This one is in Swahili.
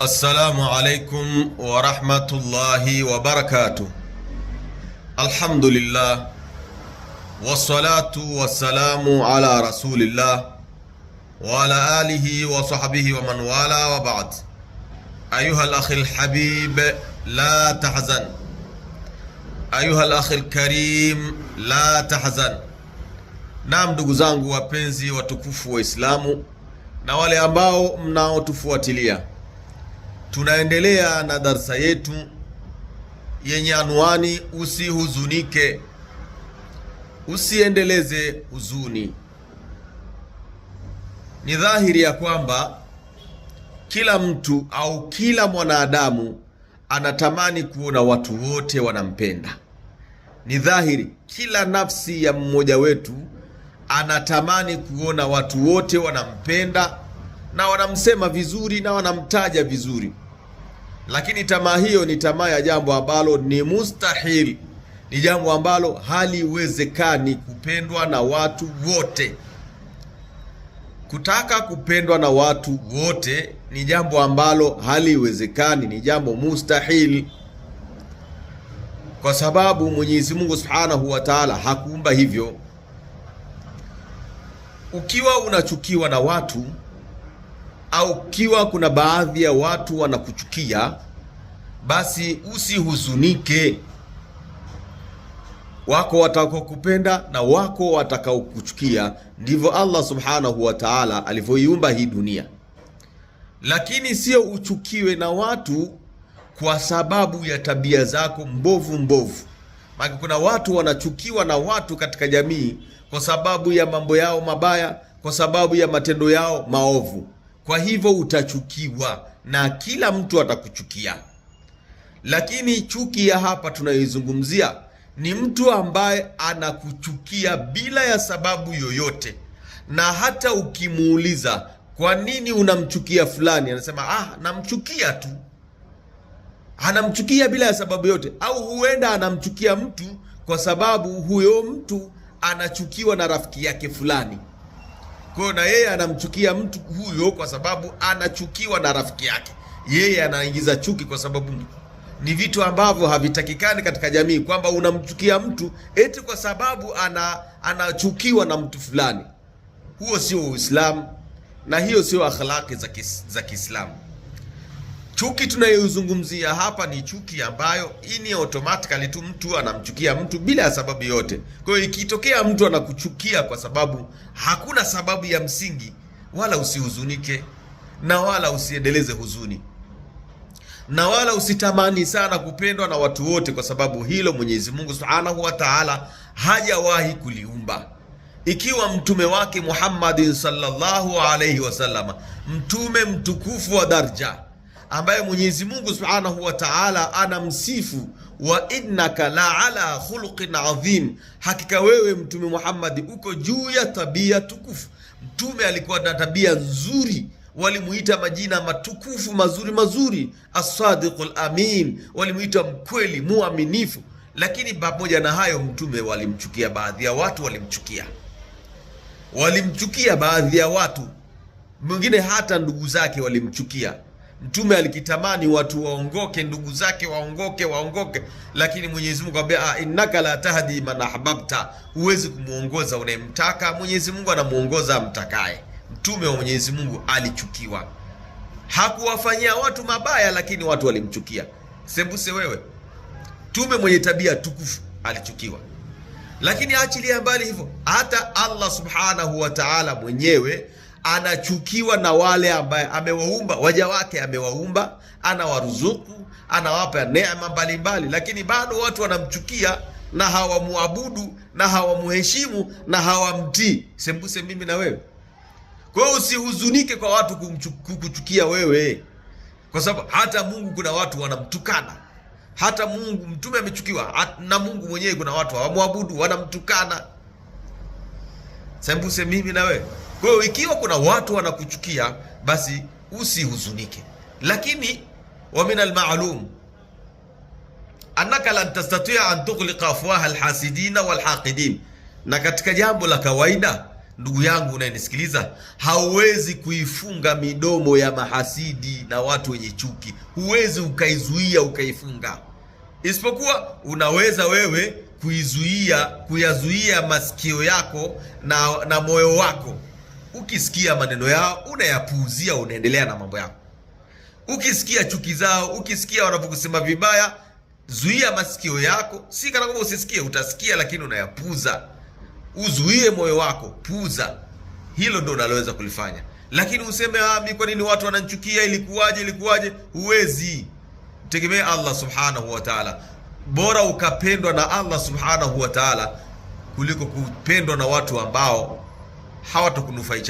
Assalamu alaikum warahmatullahi wabarakatuh. Alhamdulillah wassalatu wassalamu ala rasulillah wa ala alihi wa sahbihi wa man wala wa ba'd. Ayuha al-akhi al-habib la tahzan, ayuha al-akhi al-karim la tahzan. Naam, ndugu zangu wapenzi watukufu wa Islamu na wale ambao mnaotufuatilia Tunaendelea na darsa yetu yenye anwani usihuzunike, usiendeleze huzuni. Ni dhahiri ya kwamba kila mtu au kila mwanadamu anatamani kuona watu wote wanampenda. Ni dhahiri kila nafsi ya mmoja wetu anatamani kuona watu wote wanampenda na wanamsema vizuri na wanamtaja vizuri, lakini tamaa hiyo ni tamaa ya jambo ambalo ni mustahili ni jambo ambalo haliwezekani kupendwa na watu wote. Kutaka kupendwa na watu wote ni jambo ambalo haliwezekani, ni jambo mustahili kwa sababu Mwenyezi Mungu Subhanahu wa Ta'ala hakuumba hivyo. Ukiwa unachukiwa na watu au kiwa kuna baadhi ya watu wanakuchukia, basi usihuzunike. Wako watakokupenda na wako watakaokuchukia. Ndivyo Allah subhanahu wa ta'ala alivyoiumba hii dunia, lakini sio uchukiwe na watu kwa sababu ya tabia zako mbovu mbovu. Maana kuna watu wanachukiwa na watu katika jamii kwa sababu ya mambo yao mabaya, kwa sababu ya matendo yao maovu. Kwa hivyo utachukiwa na kila mtu atakuchukia. Lakini chuki ya hapa tunayoizungumzia ni mtu ambaye anakuchukia bila ya sababu yoyote, na hata ukimuuliza kwa nini unamchukia fulani, anasema ah, namchukia tu. Anamchukia bila ya sababu yote, au huenda anamchukia mtu kwa sababu huyo mtu anachukiwa na rafiki yake fulani. Kwa hiyo na yeye anamchukia mtu huyo kwa sababu anachukiwa na rafiki yake, yeye anaingiza chuki kwa sababu ni vitu ambavyo havitakikani katika jamii, kwamba unamchukia mtu eti kwa sababu ana anachukiwa na mtu fulani. Huo sio Uislamu na hiyo sio akhlaki za Kiislamu. Chuki tunayozungumzia hapa ni chuki ambayo ini automatically tu mtu anamchukia mtu bila ya sababu yote. Kwa hiyo ikitokea mtu anakuchukia kwa sababu hakuna sababu ya msingi, wala usihuzunike na wala usiendeleze huzuni na wala usitamani sana kupendwa na watu wote, kwa sababu hilo Mwenyezi Mungu Subhanahu wa Ta'ala hajawahi kuliumba. Ikiwa mtume wake Muhammadin sallallahu alayhi wasallam, mtume mtukufu wa daraja ambaye Mwenyezi Mungu Subhanahu wa Ta'ala anamsifu wa innaka la ala khuluqin adhim, hakika wewe Mtume muhammadi uko juu ya tabia tukufu. Mtume alikuwa na tabia nzuri, walimuita majina matukufu mazuri mazuri, asadiu lamin walimuita mkweli muaminifu. Lakini pamoja na hayo, Mtume walimchukia baadhi ya watu, walimchukia walimchukia baadhi ya watu, mwingine hata ndugu zake walimchukia Mtume alikitamani watu waongoke, ndugu zake waongoke, waongoke, lakini Mwenyezi Mungu akamwambia ah, innaka la tahdi man ahbabta, huwezi kumuongoza unayemtaka. Mwenyezi Mungu anamuongoza amtakaye. Mtume wa Mwenyezi Mungu alichukiwa, hakuwafanyia watu mabaya, lakini watu walimchukia. Sembuse wewe, mtume mwenye tabia tukufu alichukiwa. Lakini achilia mbali hivyo, hata Allah subhanahu wa ta'ala mwenyewe anachukiwa na wale ambaye amewaumba waja wake, amewaumba, anawaruzuku, anawapa neema mbalimbali, lakini bado watu wanamchukia na hawamuabudu na hawamuheshimu na hawamtii, sembuse mimi na wewe. Kwa hiyo usihuzunike kwa watu kukuchukia wewe, kwa sababu hata Mungu kuna watu wanamtukana, hata Mungu mtume amechukiwa na Mungu mwenyewe, kuna watu hawamwabudu, wanamtukana, sembuse mimi na wewe. Kwa hiyo ikiwa kuna watu wanakuchukia, basi usihuzunike, lakini wa min almalum annaka lan tastatia an tughliqa afwaha alhasidina walhaqidin. Na katika jambo la kawaida, ndugu yangu unayenisikiliza, hauwezi kuifunga midomo ya mahasidi na watu wenye chuki, huwezi ukaizuia ukaifunga, isipokuwa unaweza wewe kuizuia kuyazuia masikio yako na, na moyo wako ukisikia maneno yao unayapuuzia, unaendelea na mambo yako. Ukisikia chuki zao, ukisikia wanavyokusema vibaya, zuia masikio yako, si kana kwamba usisikie, utasikia lakini unayapuuza. Uzuie moyo wako, puuza. Hilo ndo unaloweza kulifanya, lakini useme ah, mi, kwa nini watu wananchukia? Ilikuwaje? Ilikuwaje? Huwezi tegemea Allah subhanahu wa taala. Bora ukapendwa na Allah subhanahu wa taala kuliko kupendwa na watu ambao hawatakunufaisha.